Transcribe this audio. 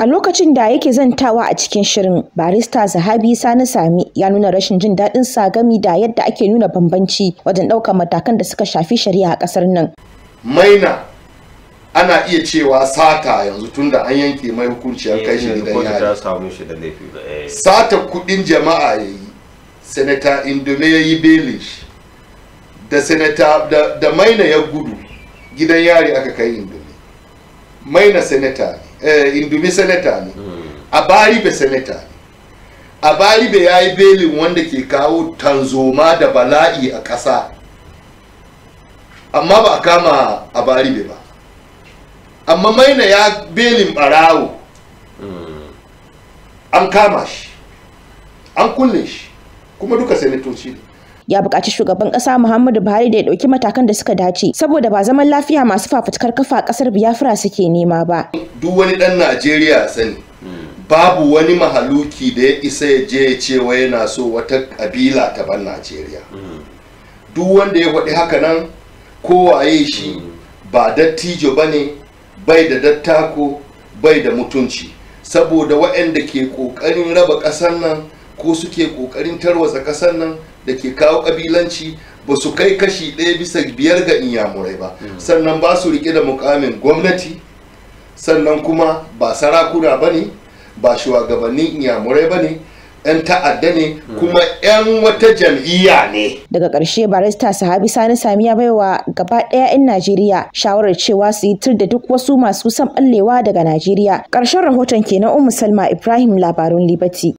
A lokacin da yake zantawa a cikin shirin, barista Zahabi Sani Sami ya nuna rashin jin daɗin sa gami da yadda ake nuna bambanci wajen ɗaukar matakan da suka shafi shari'a a ƙasar nan. Maina ana iya cewa sata yanzu tunda an yanke mai hukunci an kai shi gidan eh, yari. Eh. Sata kuɗin jama'a ya yi, Senata Indome ya yi Belish, da Senata da, da Maina ya gudu gidan yari aka kai Indome. Maina Senata ne. eh, indumi senata hmm. ne a bari be senata ne a bari be ya yi belin wanda ke kawo tanzoma da bala'i a ƙasa amma ba a kama a bari be ba amma maina ya belin barawo hmm. an kama shi an kulle shi kuma duka senatoci ne ya buƙaci shugaban ƙasa Muhammadu Buhari da ya ɗauki matakan da suka dace saboda ba zaman lafiya masu fafutukar kafa ƙasar Biafra suke nema ba. Duk wani ɗan Najeriya sani babu wani mahaluki da ya isa ya je ya ce wai yana so wata ƙabila ta ban Najeriya. Duk wanda ya faɗi haka nan ko waye shi ba dattijo ba ne bai da dattako bai da mutunci saboda waɗanda ke ƙoƙarin raba ƙasar nan ko suke kokarin tarwatsa kasar nan da ke kawo kabilanci ba su kai kashi ɗaya bisa biyar ga inyamurai ba hmm. sannan ba su rike da mukamin gwamnati sannan kuma ba sarakuna ba ne ba shugabannin inyamurai ba ne 'yan ta'adda ne hmm. kuma 'yan wata jam'iyya ne. Daga ƙarshe barista Sahabi Sani Sami ya baiwa gaba ɗaya 'yan Najeriya shawarar cewa su yi tur da duk wasu masu son ɓallewa daga Najeriya. Ƙarshen rahoton kenan umu Salma Ibrahim labarun Libati.